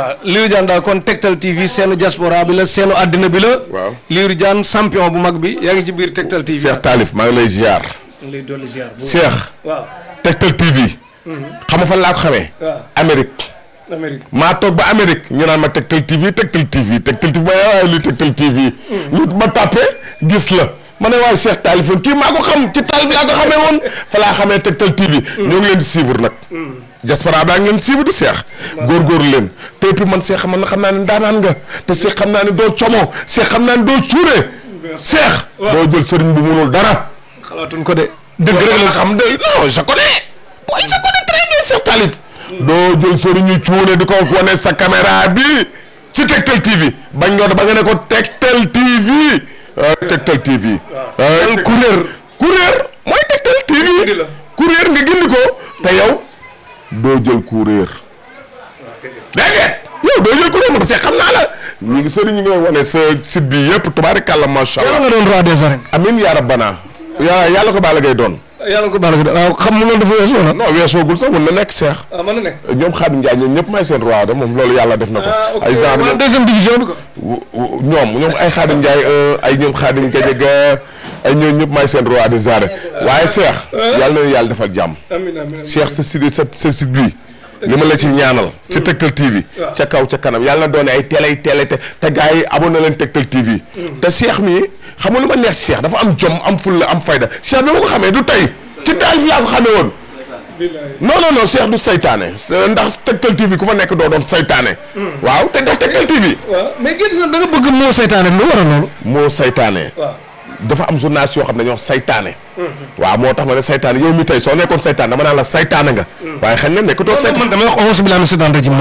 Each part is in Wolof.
waaw euh, Lirou Diane kon Tektal TV seenu diaspora bi la seenu àddina bi la. waaw Lirou Diane champion bu mag bi yaa ngi ci biir Tektal TV. Cheikh maa ngi lay ziar. ngi lay dolli ziar Cheikh. waaw Tektal TV. Mhm. xam nga fan laa ko xamee. waaw maa toog ba Amérique ñu naan ma Tektal TV Tektal TV Tektal TV waaye waaye luy TV. lu ma tàppe gis la. ma ne waaye Cheikh Talif kii maa ko xam ci Talif yaa ko xamee woon fa laa xamee Tektal TV. Mhm. ñoo ngi leen di suivre nag. Mhm. diaspora baa ngi leen di suivre du Cheikh. leen. et puis man seex man xam naa ne ndaanaan nga te seex xam naa ne doo como seex xam naa ne doo suure seex doo jël sëriñ bu munul dara xalaatuñ ko de dëgg rek la xam de non je connais boy je connais très bien seex Talif doo jël sëriñu cuune di ko wane sa caméra bi ci Tektal TV bañ ñoo ba nga ne ko Tektal TV euh, Tektal TV euh, kuréer kuréer mooy Tektal TV kuréer nga gindi ko te yow doo jël kuréer ñu ngi sëriñ ñu ngi lay wane sa site bi yëpp tubaarikàlla macha allah. yàlla nga doon roi des arènes. amiin yaa rabbana. yàlla yàlla ko Balla Gaye doon. yàlla ko Balla Gaye doon waaw xam nga loolu dafa weesoo nag. non nekk seex. Ah, ñoom Xaadim Njaay ñoom may seen roi de moom waaye seex. Ah. yàlla na yàlla defal jàmm. seex sa site sa site bi li ma la ci ñaanal ci mm. Tektal TV ca kaw ca kanam yàlla na doone ay teelay teelay te te gars yi abonné leen Tektal TV mm. te Cheikh mi xam nga lu ma neex ci dafa am jom am fulla am fayda Cheikh bi ma ko xamee du tey ci daal fi laa ko xamee woon non non non du saytaane ndax Tektal TV ku fa nekk doo doon saytaane mm. waaw te ndax Tektal TV mais da bëgg moo seytaane lu war a loolu moo saytaane dafa am journaliste yoo xam ne dañoo saytaane. waaw moo tax ma ne saytaane yow mi tey soo nekkoon saytaane dama naan la saytaane nga. waaye xëy na nekkutoo saytaane. man damay wax on se bilaa monsieur Dante ji. da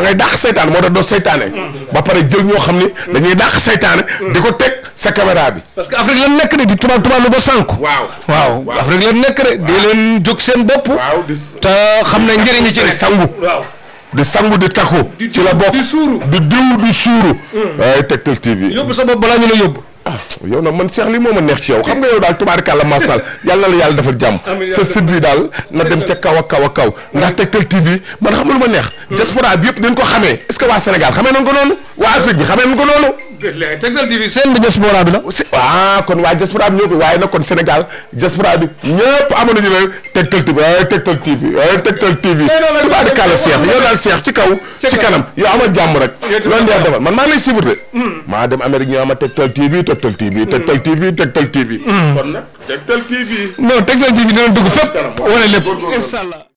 ngay dàq saytaane. moo tax doo saytaane. Mm. ba pare jël ñoo xam ne. dañuy dàq saytaane. Mm. di ko teg sa caméra bi. parce que Afrique lan nekk de di tubaab tubaab lu ba sànku. waaw Afrique lan nekk de. di leen jóg seen bopp. waaw te xam ne njëriñ ci ne sangu. waaw di sangu di takku. ci la bokk di suuru di diw di suuru. Mm. waaye Tektal TV. yóbbu sa ñu la yóbbu. ah yow nag man seex li moo ma neex ci yow xam nga yow daal tubaarikàlla masal yàlla na la yàlla defal jàmm sa site bi daal na dem ca kaw a kaw a Tektal TV man xam lu ma neex hmm. diaspora bi yëpp dañ ko xamee est-ce waa Sénégal xamee nañ ko noonu waa Afrique bi xamee nañ ko noonu Tektal TV seen bi diaspora bi la ah kon waa diaspora bi ñoo ko waaye nag bi ñëpp amoon nañu ne Tektal TV ay eh, Tektal eh, seex yow daal seex ci kaw ci kanam yow amal jàmm rek loolu yaa maa lay suivre de hmm. maa dem Amérique ñu ama Tektal TV Tektal TV. Hmm. Tektal TV Tektal TV. Hmm. kon nag Tektal TV. non Tektal TV dina dugg fépp. wala lépp incha allah.